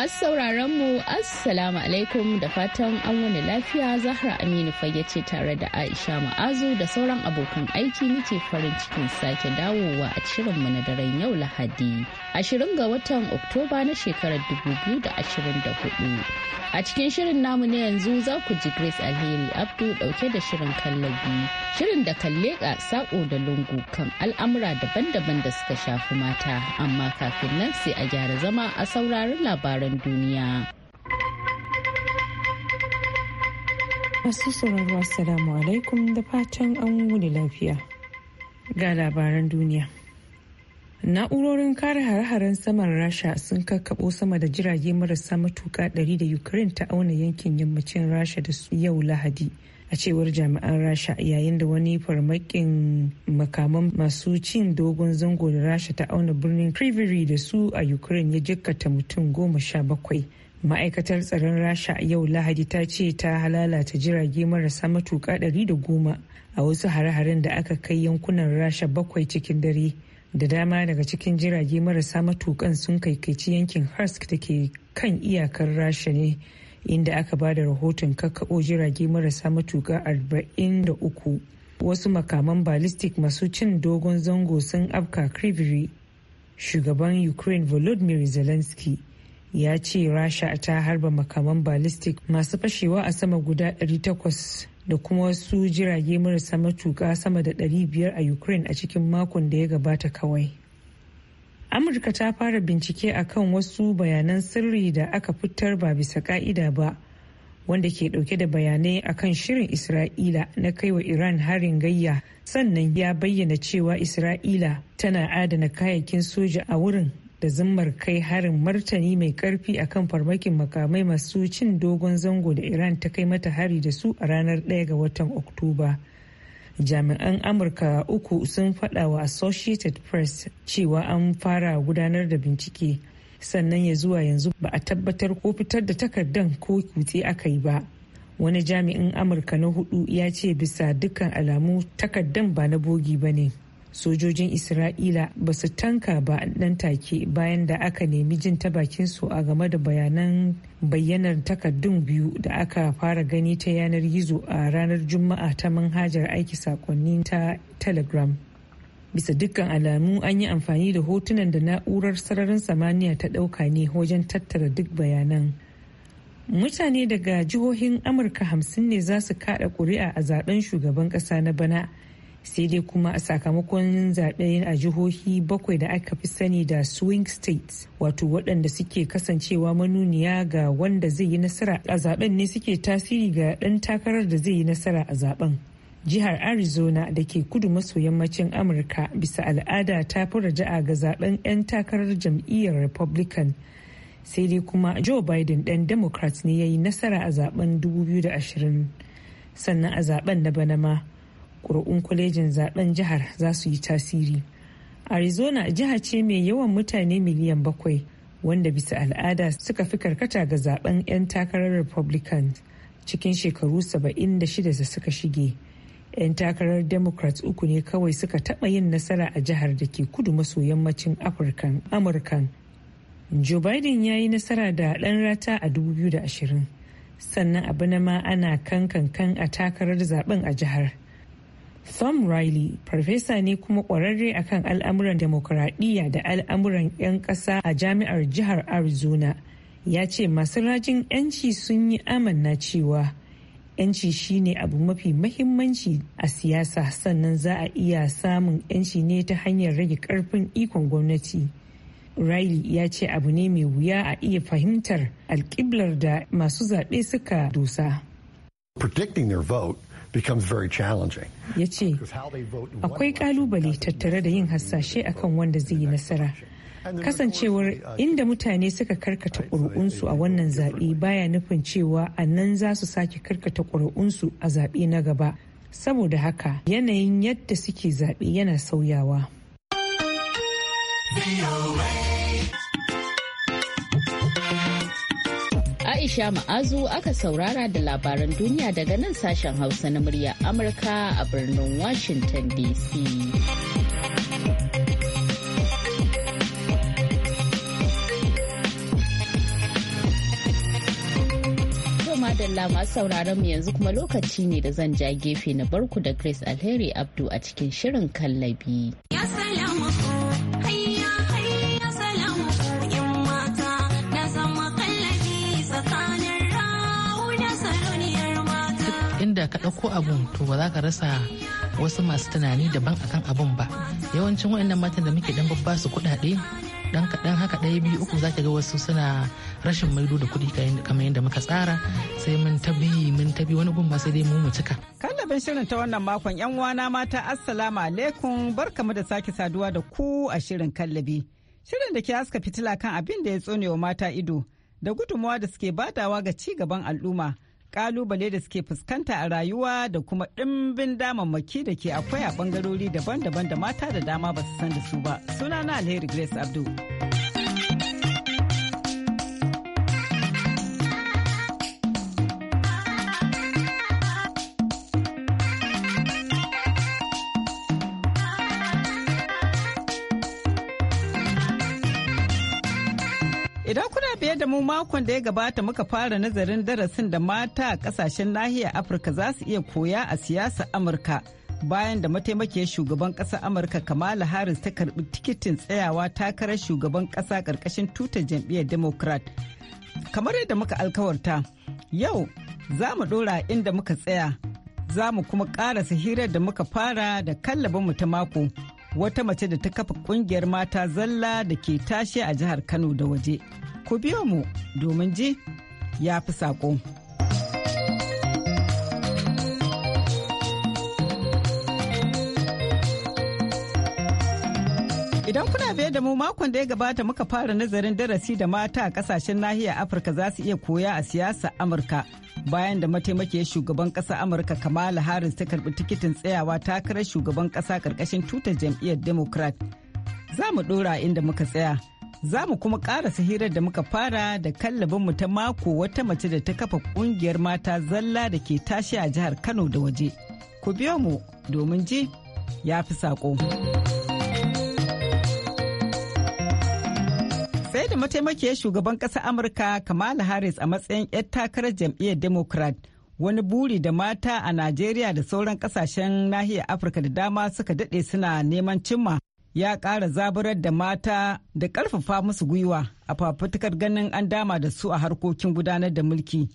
Masu sauraron mu Assalamu alaikum da fatan an wani lafiya Zahra Aminu fage ce tare da Aisha Ma'azu da sauran abokan aiki nake farin cikin sake dawowa a shirinmu na daren yau Lahadi. Ashirin ga watan Oktoba na shekarar da da ashirin 2024. A cikin shirin namu na yanzu za ku ji Grace Alheri Abdu dauke da shirin kallabi. Shirin da kalle ga sako da lungu kan al'amura daban-daban da suka shafi mata amma kafin nan sai a gyara zama a sauraron labaran duniya. Masu sauraro Assalamu alaikum da fatan an wuni lafiya. Ga labaran duniya. Na'urorin kare hare-haren saman Rasha sun kakkaɓo sama da jirage marasa matuƙa ɗari da Ukraine ta auna yankin yammacin Rasha da su yau Lahadi. a cewar jami'an rasha yayin da wani farmakin makaman masu cin dogon zango da rasha ta auna birnin kriviri da su a ukraine ya jikkata mutum goma sha bakwai ma'aikatar tsaron rasha a yau lahadi ta ce ta halalata jirage marasa matuka ɗari da goma a wasu hare-haren da aka kai yankunan rasha bakwai cikin dare da dama daga cikin jirage marasa matukan sun kaikaici yankin harsk da ke kan iyakar rasha ne inda aka ba da rahoton kakao jirage marasa matuƙa 43 wasu makaman ballistic masu cin dogon zango sun afka kribiri shugaban ukraine volodymyr zelensky ya ce rasha ta harba makaman ballistic masu fashewa a sama guda 800 da kuma wasu jirage marasa matuka sama da 500 a ukraine a cikin makon da ya gabata kawai amurka ta fara bincike a kan wasu bayanan sirri da aka fitar ba bisa ka'ida ba wanda ke dauke da bayanai akan shirin isra'ila na kai wa iran harin gayya sannan ya bayyana cewa isra'ila tana adana kayayyakin soja a wurin da zimmar kai harin martani mai karfi akan farmakin makamai masu cin dogon zango da iran ta kai mata hari da su a ranar 1 ga watan oktoba jami'an amurka uku sun faɗa wa associated press cewa an fara gudanar da bincike sannan ya zuwa yanzu ba a tabbatar ko fitar da takardan ko kutse aka yi ba wani jami'in amurka na hudu ya ce bisa dukkan alamu takardan ba na bogi ba ne sojojin isra'ila ba su tanka ba nan take bayan da aka nemi jin ta bakin su a game da bayanan bayyanar takardun biyu da aka fara gani ta yanar gizo a ranar juma'a ta manhajar aiki sakonni ta telegram bisa dukkan alamu an yi amfani da hotunan da na'urar sararin samaniya ta ɗauka ne wajen tattara duk bayanan mutane daga jihohin amurka hamsin ne za su kada kuri'a a zaben shugaban kasa na bana sai dai kuma a sakamakon zaɓe a jihohi bakwai da aka fi sani da swing states wato waɗanda suke kasancewa manuniya ga wanda zai yi nasara a zaɓen ne suke tasiri ga ɗan takarar da zai yi nasara a zaɓen. jihar arizona da ke kudu maso yammacin amurka bisa al'ada ta fi raja'a ga zaɓen 'yan takarar jam'iyyar republican sai dai kuma joe biden ɗan democrat ne ya yi nasara a zaben 2020 sannan a zaɓen na bana ma ƙuri'un kwalejin zaben jihar za su yi tasiri arizona jiha ce mai yawan mutane miliyan bakwai wanda bisa al'ada suka fi karkata ga zaben 'yan takarar republican cikin shekaru 76 da suka shige 'yan takarar democrats uku ne kawai suka taɓa yin nasara a jihar da ke kudu maso yammacin amurkan joe biden ya yi nasara da ɗan rata a 2020 sannan abu na ma ana kan kankan a takarar zaben a jihar Tom Riley, farfesa ne kuma kwararre akan al'amuran demokuraɗiyya da al'amuran 'yan ƙasa a jami'ar jihar Arizona, ya ce masu rajin 'yanci sun yi amanna cewa 'yanci shine abu mafi mahimmanci a siyasa sannan za a iya samun 'yanci ne ta hanyar rage ƙarfin ikon gwamnati. Riley ya ce abu ne mai wuya a iya fahimtar alƙiblar da masu zaɓe suka dosa. Predicting their vote becomes very challenging. Ya ce, akwai kalubale tattare da yin hasashe akan wanda zai yi nasara. Kasancewar uh, inda mutane suka karkata ƙuri'unsu a wannan zaɓe baya nufin cewa a nan za su sake karkata ƙuri'unsu a zaɓe na gaba. Saboda haka yanayin yadda suke zaɓe yana sauyawa. Aisha Ma'azu aka saurara da labaran duniya daga nan sashen Hausa na murya Amurka a birnin Washington DC. madalla masu sauraron mu yanzu kuma lokaci ne da zan ja gefe na barku da Grace Alheri Abdu a cikin shirin kallabi. ka ɗauko abun to ba za ka rasa wasu masu tunani daban akan abun ba yawancin waɗannan matan da muke dan babba su kuɗaɗe dan kaɗan haka ɗaya biyu uku zaki ga wasu suna rashin maido da kuɗi kamar yadda muka tsara sai mun tabi mun tabi wani gumma sai dai mu mu cika. kallabin shirin ta wannan makon yan uwana mata assalamu alaikum barkamu da sake saduwa da ku a shirin kallabi shirin da ke haska fitila kan abin da ya wa mata ido da gudunmawa da suke badawa ga ci gaban al'umma. kalubale da suke fuskanta a rayuwa da kuma ɗimbin damammaki da ke akwai a ɓangarori daban-daban da mata da dama ba su san da su ba suna na alheri grace abdu Idan kuna biye da mu makon da ya gabata muka fara nazarin darasin da mata a kasashen nahiyar Afirka za su iya koya a siyasar Amurka bayan da mataimakiyar shugaban ƙasar Amurka Kamala Harris ta karbi tikitin tsayawa takarar shugaban ƙasa ƙarƙashin tutar jam'iyyar Democrat. Kamar yadda muka alkawarta, yau za mu ɗora inda muka tsaya, za mu kuma ƙarasa hirar da muka fara da kallabinmu ta mako. wata mace da ta kafa ƙungiyar mata zalla da ke tashe a jihar Kano da waje. ku biyo mu domin ji ya fi saƙo. Idan kuna biye da mu makon da ya gabata muka fara nazarin darasi da mata a kasashen nahiyar Afirka za su iya koya a siyasa Amurka bayan da mataimakiyar shugaban kasa Amurka Kamala Harris ta karbi tikitin tsayawa takarar shugaban kasa karkashin tutar jam'iyyar Democrat. Za mu dora inda muka tsaya. Za mu kuma ƙarasa hirar da muka fara da kallabinmu ta mako wata mace da ta kafa ƙungiyar mata zalla da ke tashi a jihar Kano da waje. Ku biyo mu domin ji ya fi saƙo. Sai da mataimakiyar shugaban ƙasar Amurka Kamala Harris a matsayin 'yar takarar jam'iyyar Democrat. wani buri da mata a Najeriya da sauran kasashen nahiyar Afirka da dama suka daɗe suna neman cimma ya ƙara zaburar da mata da ƙarfafa musu gwiwa a fafutukar ganin an dama da su a harkokin gudanar da mulki.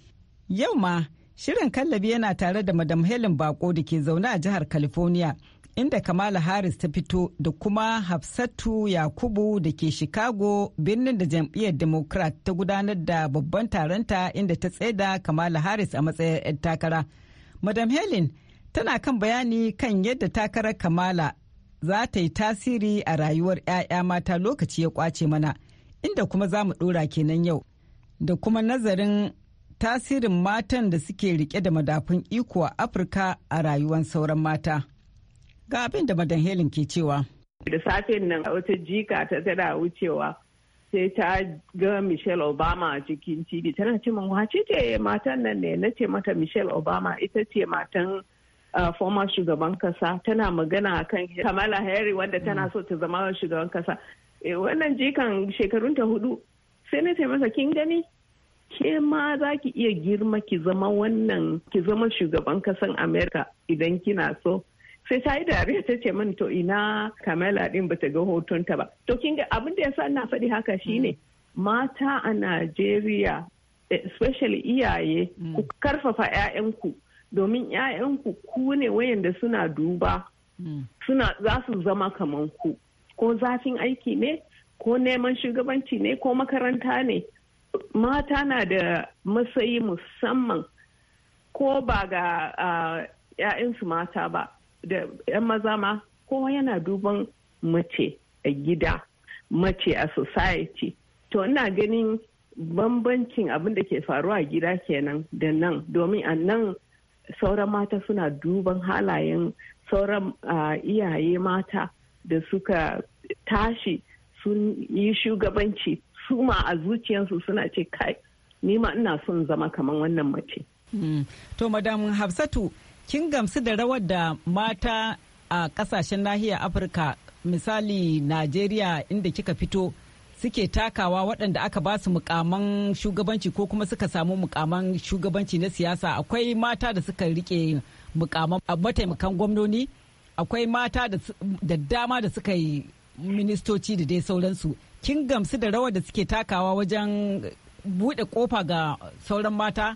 Yau ma, shirin kallabi yana tare da Madam Helen Bako da ke zaune a jihar California, inda Kamala Harris ta fito da kuma Hafsatu Yakubu da ke Chicago birnin da jam'iyyar Democrat ta gudanar da babban taronta inda ta tsaida Kamala Harris a matsayin 'yan takara. Madam Helen tana kan bayani kan yadda takarar Kamala za ta yi tasiri a rayuwar 'ya'ya mata lokaci ya kwace mana inda kuma za mu ɗora kenan yau da kuma nazarin tasirin matan da suke rike da madafun iko a afirka a rayuwar sauran mata ga abin da madan helen ke cewa da safen nan wata jika ta tana wucewa sai ta ga michelle obama a cikin tv tana ce min wace ce matan nan ne na ce mata michelle obama ita ce matan uh, shugaban kasa tana magana kan kamala harry wanda tana mm. so ta zama shugaban kasa eh, wannan jikan shekarun ta hudu sai na ce masa kin gani ke ma za ki iya girma ki zama wannan ki zama shugaban kasan america idan kina so sai ta yi dariya ta ce min to ina kamala din bata ga hotonta ba to kin ga abin da yasa ina faɗi haka shine mm. mata a najeriya especially iyaye ku mm. karfafa 'ya'yanku domin 'ya'yanku ku ne wayanda suna duba hmm. suna za su zama kaman ku ko zafin aiki ne ko neman shugabanci ne ko makaranta ne mata na da matsayi musamman ko ba ga ‘ya'yansu mata ba da ‘yan maza ma kowa yana duban mace a gida mace a society to ina ganin bambancin abin da ke faruwa a gida kenan da nan domin a nan sauran mata suna duban halayen sauran iyaye mata da suka tashi sun yi shugabanci su ma a zuciyarsu suna ce kai nima ina son zama kamar wannan mace. Hmm. To madam Hafsatu kin gamsu da rawar da mata a kasashen nahiyar Afirka misali Najeriya inda kika fito suke takawa waɗanda aka ba su mukaman shugabanci ko kuma suka samu mukaman shugabanci na siyasa akwai mata da suka rike mukaman mataimakan gwamnoni akwai mata da dama da suka yi ministoci da dai sauransu kin gamsu da rawar da suke takawa wajen buɗe kofa ga sauran mata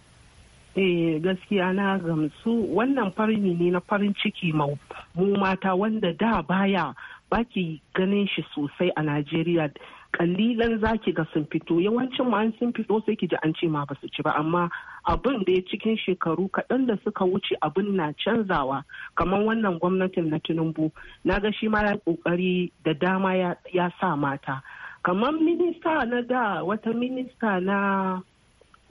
eh gaskiya na gamsu wannan farni ne na farin ciki mu mata wanda da baya baki ganin shi sosai a najeriya kalilan zaki ga sun fito yawancin ma an sun fito sai ki ji an ce ma basu ci ba amma abin da ya cikin shekaru kaɗan da suka wuce abin na canzawa kamar wannan gwamnatin na tinubu na ga shi ma ya kokari da dama ya sa mata kamar minista na da wata minista na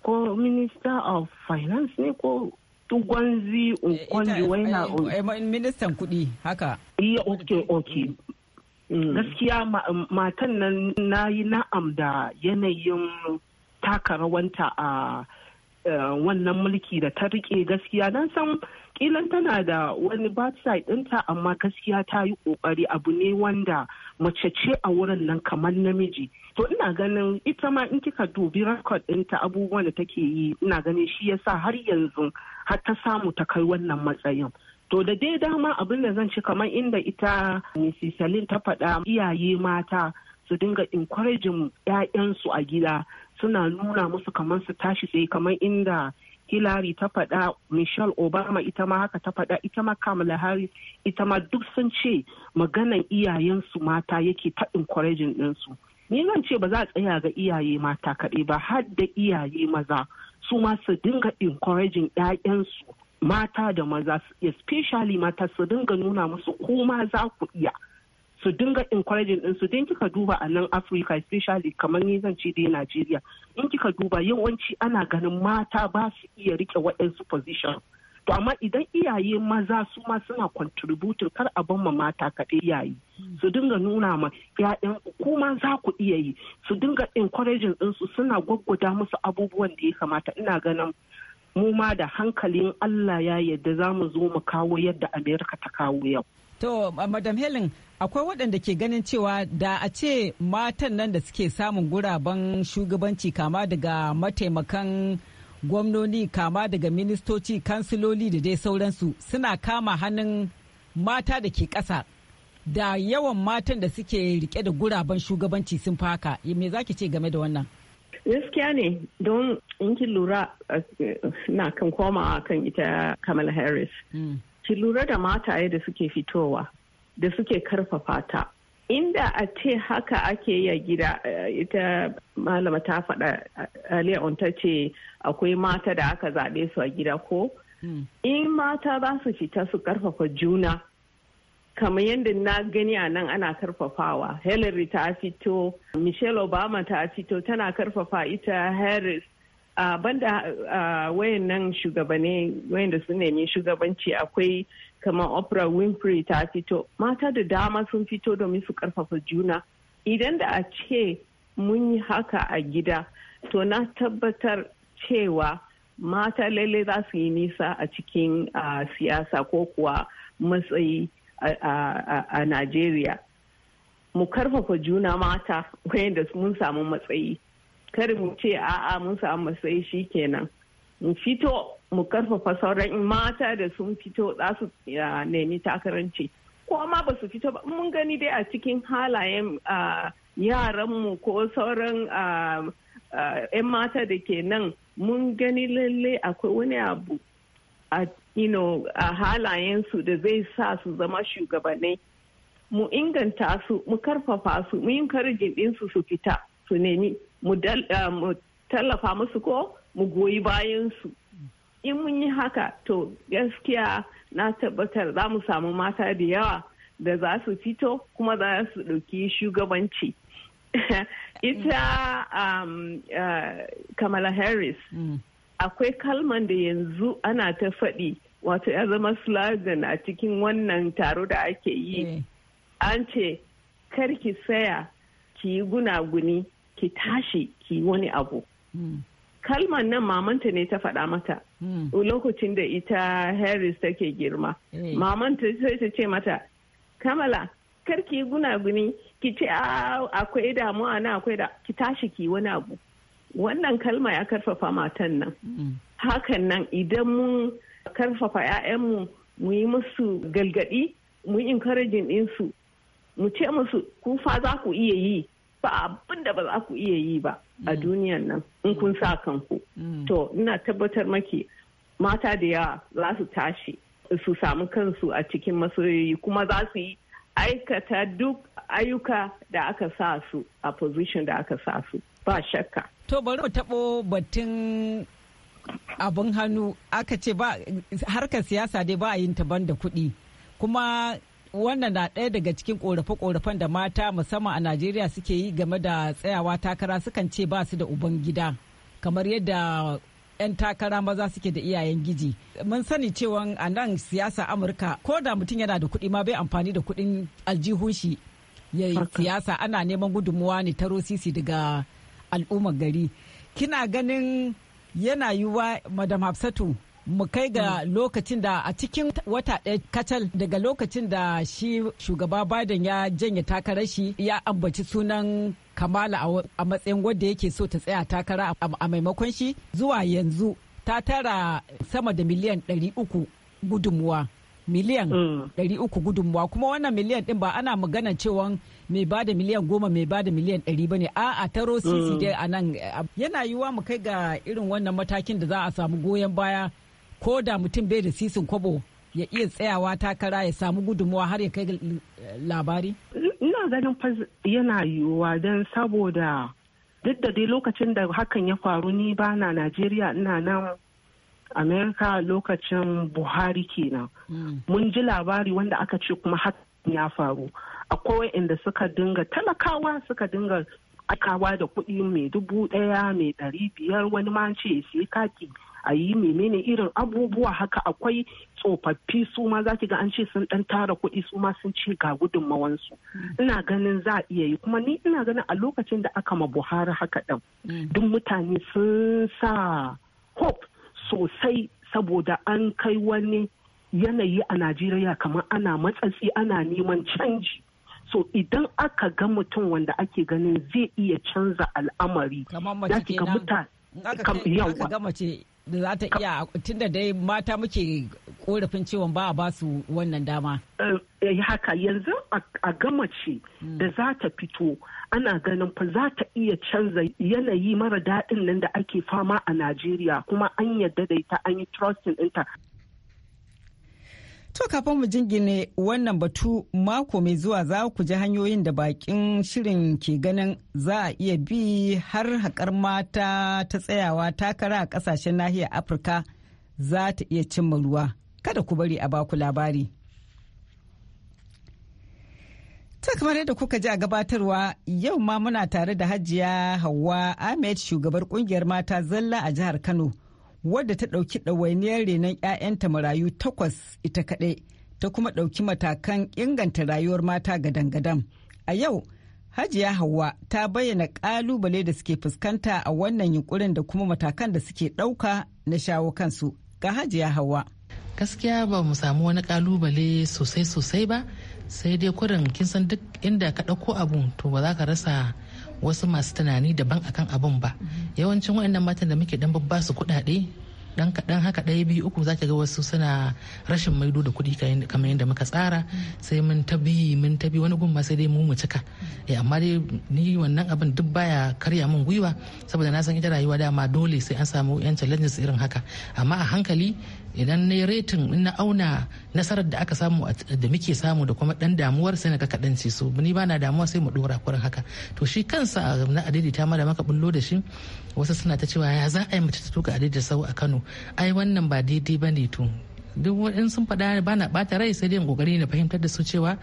ko minista of finance ne ko tugwanzi unkwanji eh, waina eh, eh, ministan kudi haka iya ok ok Mm. gaskiya um, matan nan na yi na'am da yanayin taka rawanta a uh, wannan mulki da ta rike gaskiya don san kilan tana da wani bad side ɗinta amma gaskiya ta yi ƙoƙari abu ne wanda mace ce a wurin nan kamar namiji to ina ganin ita ma in kika dubi record dinta abubuwan da take yi ina ganin shi yasa har yanzu har ta samu ta kai wannan matsayin To da dai dama abin da zan ci kamar inda ita Mrs. Salim ta faɗa iyaye mata su dinga encouraging 'ya'yansu a gida suna nuna musu kamar su tashi tsaye kamar inda Hillary ta faɗa Michelle Obama ita ma haka ta faɗa ita ma Kamala Harris ita ma duk sun ce maganan iyayensu mata yake ta encouraging ɗinsu. Ni zan ce ba za a tsaya ga iyaye mata kaɗai ba har da iyaye maza su ma su dinga encouraging 'ya'yansu mata da maza especially mata su dinga nuna musu kuma za ku iya su dinga encouraging din su din kika duba a nan Africa especially kamar ni zan ce dai Najeriya in kika duba yawanci ana ganin mata ba su iya rike waɗansu position to amma idan iyaye maza su ma suna contributing kar a ban ma mata kaɗai iyaye su dinga nuna ma ƴaƴan kuma za ku iya yi su dinga encouraging din su suna gwaggwada musu abubuwan da ya kamata ina ganin mu ma da hankalin Allah ya yadda za mu zo mu kawo yadda Amerika ta kawo yau. To, Madam Helen, akwai waɗanda ke ganin cewa da a ce matan nan da suke samun guraben shugabanci kama daga mataimakan gwamnoni kama daga ministoci, kansiloli da dai sauransu suna kama hannun mata da ke ƙasa. Da yawan matan da suke rike da guraben shugabanci sun faka, me za ki ce game da wannan? gaskiya ne don in ki lura eh, na kan koma kan ita kamala harris hmm. ki lura da mataye da suke fitowa da suke karfafa ta inda a ce haka ake yi a gida eh, ita malama ta faɗa eh, aliyu ta ce akwai mata da aka zaɓe su a gida ko hmm. in mata za su fita su karfafa juna kamar yadda na gani a nan ana karfafawa hillary ta fito michelle obama ta fito tana karfafa ita harris uh, banda uh, wayan nan shugabane wayan da su nemi shugabanci akwai kamar oprah winfrey ta fito mata da dama sun fito domin su karfafa juna idan da a ce mun yi haka a gida to na tabbatar cewa mata lalle za su yi nisa a cikin uh, siyasa ko kuwa matsayi a Najeriya. Mu karfafa juna mata wayanda mun samu matsayi. Kar mu ce a'a mun samu matsayi shi kenan. Mu fito mu karfafa sauran mata da sun fito za su nemi takaranci. Ko ma ba su fito ba mun gani dai a cikin halayen yaran mu ko sauran 'yan mata da ke nan mun gani lalle akwai wani abu a you know, halayensu da zai sa su zama shugabanni mu inganta su mu karfafa su mu yi ɗinsu su fita su nemi mu tallafa musu ko mu goyi bayan su in mun yi haka to gaskiya na tabbatar za mu samu mata da yawa da za su fito kuma za su ɗauki shugabanci ita um, uh, kamala harris mm. akwai kalman da yanzu ana ta faɗi wato ya zama slogan a cikin wannan taro da ake yi eh. an ce kar ki saya ki yi gunaguni ki tashi ki yi wani abu hmm. kalmar nan mamanta ne ta faɗa mata hmm. lokacin da ita harris take girma eh. mamanta sai ta ce mata kamala kar ki yi gunaguni ki ce akwai damuwa na akwai da ki tashi ki wani abu wannan kalma ya karfafa matan nan hmm. hakan nan idan mun karfafa 'ya'yanmu mu yi musu galgadi mu yi din su mu ce musu ku fa za ku iya yi ba abin da ba za ku iya yi ba a mm. duniyan nan in kun sa kanku mm. to ina tabbatar maki mata da yawa za su tashi su samu kansu a cikin masoyoyi kuma za su yi aikata duk ayyuka da aka sa su a position da aka sa su ba shakka. To bari mu taɓo batun abin hannu aka ce ba harkar siyasa dai ba a yin taban da kuɗi kuma wannan na ɗaya daga cikin ƙorafe-ƙorafen da mata musamman a najeriya suke yi game da tsayawa takara sukan ce ba su da uban gida kamar yadda 'yan takara maza suke da iyayen giji mun sani cewa a nan siyasa amurka ko da mutum yana da kuɗi ma bai amfani da kuɗin aljihun shi ya siyasa ana neman gudunmuwa ne ta rosisi daga al'ummar gari kina ganin yana yiwuwa madam hafsatu mu kai ga hmm. lokacin da a cikin wata ɗaya kacal daga lokacin da shi shugaba Biden ya janye takarar shi ya ambaci sunan Kamala a matsayin wadda yake so ta tsaya takara a maimakon shi zuwa yanzu ta tara sama da miliyan 300 gudunmuwa. miliyan 300 mm. uku gudunmuwa kuma wannan miliyan din ba ana magana cewa mai ba da miliyan goma mai ba da miliyan ɗari ba ne a'a taro mm. sisi dai a nan yana yiwuwa mu kai ga irin wannan matakin da za a samu goyon baya ko da mutum bai da sisin kwabo ya iya tsayawa takara ya samu gudunmuwa har ya kai labari? Ina ganin fa yana yiwuwa don saboda duk da dai lokacin da hakan ya faru ni bana Najeriya ina nan amerika lokacin buhari kenan mun ji labari wanda aka ce kuma hakan ya faru akwai inda suka dinga talakawa suka dinga aikawa da kuɗi mai dubu ɗaya mai ɗari biyar wani ma ce sai kaki a yi menene irin abubuwa haka akwai tsofaffi su ma za ga an ce sun ɗan tara kuɗi su ma sun ce ga gudunmawansu ina ganin za a iya yi kuma ni ina ganin a lokacin da aka ma buhari haka ɗan mm. duk mutane sun sa hope sosai saboda an kai wani yanayi a Najeriya kamar ana matsatsi ana neman canji. So idan aka ga mutum wanda ake ganin zai iya canza al'amari. Kamar mace kenan. aka da za ta iya tunda dai mata muke korafin cewa ba a basu wannan dama. Eh, eh, haka yanzu a gama ce da hmm. za ta fito ana ganin fa za ta iya canza yanayi mara daɗin nan da ake fama a Najeriya kuma an yadda da ita an yi trusting ɗinta To kafin mu jingine wannan batu mako mai zuwa za ku ji hanyoyin da bakin shirin ke ganin za a iya bi har haƙar mata ta tsayawa takara a ƙasashen nahiyar Afirka za ta iya cimma ruwa. Kada ku bari a baku labari. Ta kamar yadda kuka ji a gabatarwa yau ma muna tare da hajiya Hauwa Ahmed shugabar kungiyar mata zalla a jihar Kano. wadda ta ɗauki ɗawainiyar renon 'ya'yanta marayu takwas ita kaɗai ta kuma ɗauki matakan inganta rayuwar mata gadan-gadan. A yau, Hajiya Hauwa ta bayyana ƙalubale da suke fuskanta a wannan yunkurin da kuma matakan da suke ɗauka na shawo kansu ga Hajiya Hauwa. Gaskiya ba mu samu wani ƙalubale sosai-sosai ba, sai dai kurin kin san duk inda ka ɗauko abu to ba za ka rasa wasu masu tunani daban akan abun ba yawancin waɗannan matan da muke dan babba su kuɗaɗe dan kaɗan haka ɗaya biyu uku zaki ga wasu suna rashin maido da kuɗi kamar yadda muka tsara sai mun ta bi mun ta bi wani gun ma sai dai mu mu cika eh amma dai ni wannan abin duk baya karya mun gwiwa saboda na san ita rayuwa dama dole sai an samu yan challenges irin haka amma a hankali idan na retin na auna nasarar da aka samu da muke samu da kuma dan damuwar sai na ga kaɗan ce so ni ba na damuwa sai mu dora kurin haka to shi kansa ah, na adidi ta da maka bullo da shi wasu suna ta cewa ya za a yi mace ta tuka da sau a Kano ai wannan ba daidai ba ne to duk wani sun faɗa ba na ɓata rai sai dai kokari na fahimtar da su cewa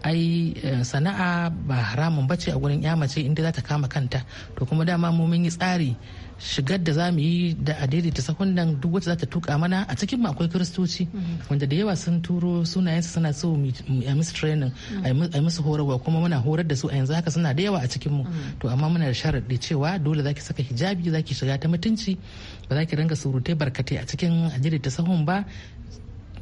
ai eh, sana'a ba haramun bace a gurin ya mace inda za ta kama kanta to kuma dama mu mun yi tsari shigar da za mu yi da a daidaita sahun nan duk wacce za ta tuka mana a cikin mu akwai kiristoci mhm. wanda da yawa sun turo sunayensu suna so a musu training a musu horarwa kuma muna horar da su a yanzu haka suna da yawa a cikin mu mhm. to amma muna da sharaɗi cewa dole za ki saka hijabi za ki shiga ta mutunci ba za ki ringa surutai barkatai a cikin a daidaita sahun ba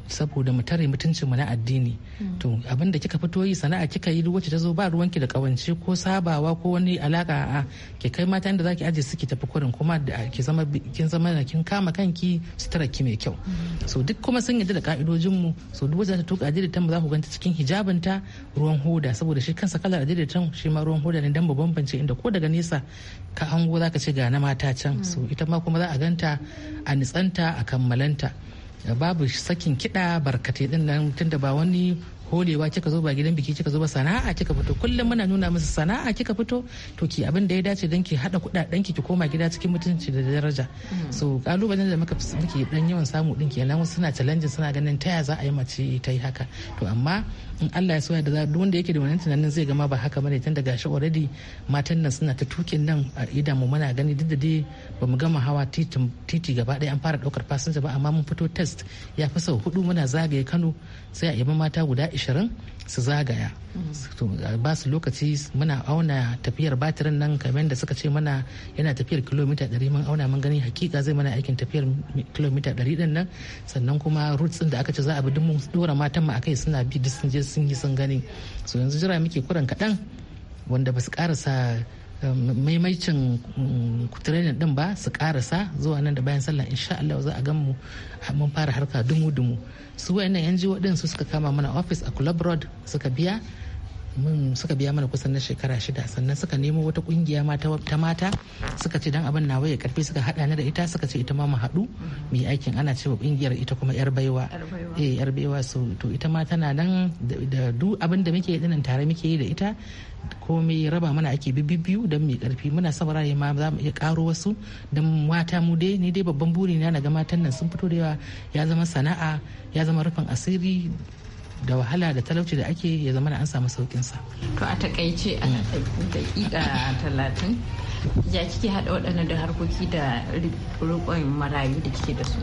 saboda mu tare mutuncin mu na addini hmm. to abin da kika fito yi sana'a kika yi wacce ta zo ba ki da kawance ko sabawa ko wani alaka a ki kai mata inda zaki aje su ki tafi kurin kuma da ki zama kin zama kin kama kanki sutura ki mai kyau hmm. so duk kuma sun yadda da ka'idojin mu so duk wacce ta tuka ta mu za ku ganta cikin hijabinta ruwan hoda saboda shi kansa kalar adirita shi ma ruwan hoda ne dan ba bambance inda ko daga nesa ka hango zaka ce ga na mata can hmm. so ita ma kuma za a ganta a nitsanta a kammalanta babu sakin kiɗa barkatai ɗin nan da ba wani holewa kika zo ba gidan biki kika zo ba sana'a kika fito kullum muna nuna musu sana'a kika fito to ki abin da ya dace dan ki hada kudaden ki ki koma gida cikin mutunci da daraja mm-hmm. so kalubalen da muka muke dan yawan samu din ki wasu suna challenge suna ganin taya za a yi mace ta yi haka to amma in Allah ya so da duk wanda yake da wannan tunanin zai gama ba haka bane tun daga shi already matan nan suna ta tukin nan a idan mu muna gani duk da dai ba mu gama hawa titi gaba ɗaya an fara daukar fasinja ba amma mun fito test ya fi sau hudu muna zagaye Kano sai a yaba mata guda ashirin su zagaya ba su lokaci muna auna tafiyar batirin nan kamar da suka ce mana yana tafiyar kilomita 100 mun auna mun gani hakika zai mana aikin tafiyar kilomita 100 din nan sannan kuma routes din da aka ce za a bi duk mun dora matan mu akai suna bi duk sun je sun yi sun gani so yanzu jira muke kuran kaɗan wanda ba su karasa maimaicin mm, training din ba su karasa zuwa nan da bayan sallah insha Allah za a gan mu mun fara harka dumu dumu su wayannan yan jiwo din su suka kama mana office a club road suka biya mun suka biya mana kusan na shekara shida sannan suka nemo wata kungiya ta mata suka ce dan abin na waya karfi suka hada ni da ita suka ce ita ma mu hadu mu yi aikin ana cewa kungiyar ita kuma yar baiwa eh yar baiwa so to ita ma tana nan da duk abin da muke dinin tare muke yi da ita komai raba mana ake bibbiyu don mai karfi muna son raye ma za mu iya karo wasu don mata mu dai ni dai babban buri na na ga matan nan sun fito da yawa ya zama sana'a ya zama rufin asiri da wahala da talauci da ake ya zama da an samu saukin to a takaice a mm. daƙiƙa talatin ya kike haɗa waɗannan da harkoki da rikon marayu da kike da su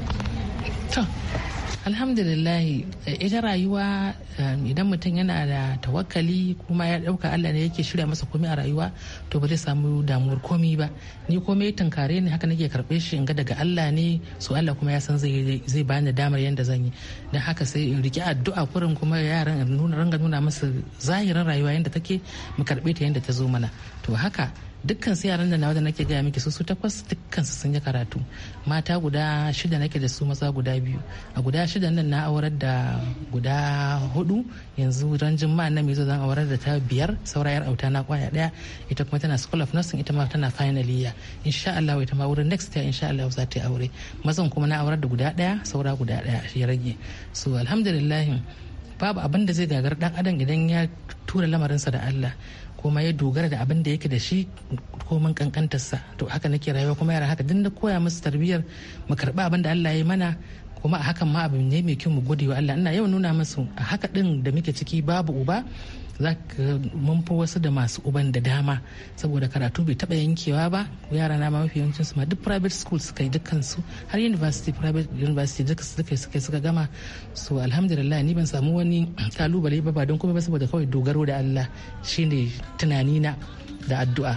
alhamdulillah ita rayuwa um, idan mutum yana da tawakkali kuma ya dauka allah ne yake shirya masa komai a rayuwa to ba zai samu damuwar komai ba ni komai tunkare ne haka nake karbe shi in ga daga allah ne so allah kuma ya san zai bani damar yadda zan yi don haka sai in riki addu'a kurin kuma yaran in nuna ranga nuna masa zahirin rayuwa yadda take mu karbe ta yadda ta zo mana to haka dukkan su yaran da na wadda nake gaya miki su su takwas dukkan su sun yi karatu mata guda shida nake da su maza guda biyu a guda shida nan na aurar da guda hudu yanzu ranjin ma na zo zan aurar da ta biyar saurayar auta na kwaya daya ita kuma tana school of nursing ita ma tana final year insha Allah ita ma wurin next year insha Allah za ta yi aure mazan kuma na aurar da guda daya saura guda daya shi rage so alhamdulillah babu abin da zai gagar dan adam idan ya tura lamarinsa da Allah kuma ya dogara da abin da yake da shi komin kankantarsa to haka nake rayuwa kuma yara haka dinda koya musu tarbiyyar mu karba abin da Allah ya yi mana kuma a hakan ma abin ne mai kyau mu gode wa Allah ina yau nuna musu a haka din da muke ciki babu uba za ka mun fi wasu da masu uban da dama saboda karatu bai taba yankewa ba yara na mafi yawancin su ma duk private school suka yi dukkan su har university private university duka suka suka suka gama so alhamdulillah ni ban samu wani kalubale ba ba don kuma ba saboda kawai dogaro da Allah shine na da addu'a.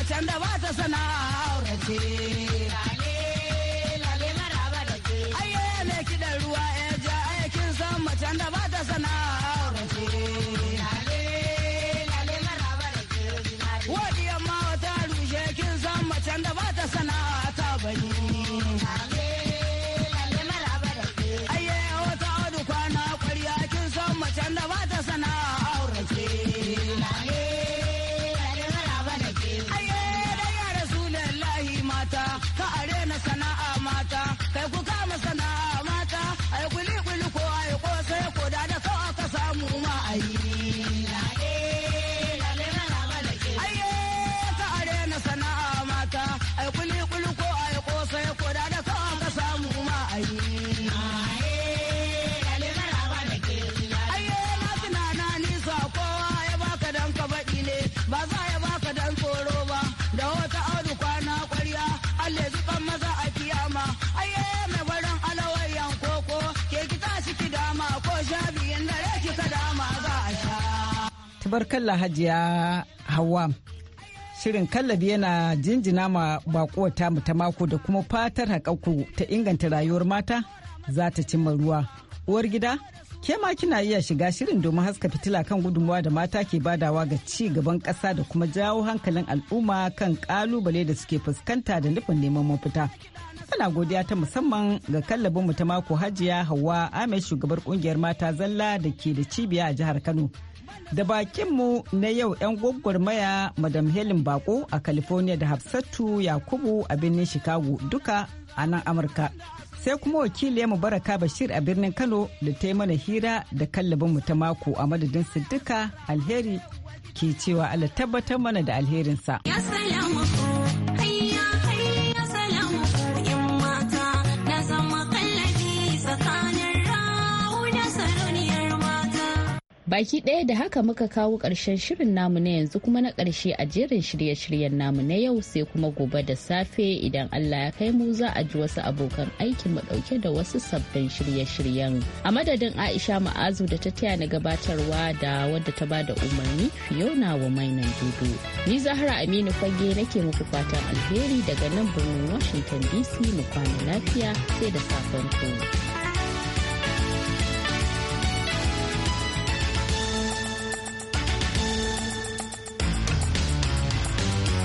macen da ba ta sana'ar ce. tabarkalla hajiya hawa shirin kallabi yana jinjina ma bakuwar mu ta mako da kuma fatar haƙaƙo ta inganta rayuwar mata za ta cimma ruwa uwar gida ke ma kina iya shiga shirin domin haska fitila kan gudunmawa da mata ke badawa ga ci gaban ƙasa da kuma jawo hankalin al'umma kan ƙalubale da suke fuskanta da nufin neman mafita ana godiya ta musamman ga kallabin mu ta mako hajiya hawa amai shugabar kungiyar mata zalla da ke da cibiya a jihar kano Da bakinmu na yau 'yan gwaggwarmaya Madam Helen Bako a California da Hafsatu Yakubu a birnin Chicago duka a nan Amurka. Sai kuma wakiliyarmu Baraka Bashir a birnin Kano da ta yi mana hira da kallabinmu ta mako a madadin duka alheri ke cewa Allah tabbatar mana da alherinsa. baki ɗaya da haka muka kawo ƙarshen shirin namu na yanzu kuma na ƙarshe a jerin shirye-shiryen namu na yau sai kuma gobe da safe idan allah ya kai mu za a ji wasu abokan aikin mu ɗauke da wasu sabbin shirye-shiryen a madadin aisha ma'azu da ta taya na gabatarwa da wadda ta bada umarni fiona wa mainan dudu ni zahra aminu fage nake muku fatan alheri daga nan birnin washington dc mu kwana lafiya sai da safon ku.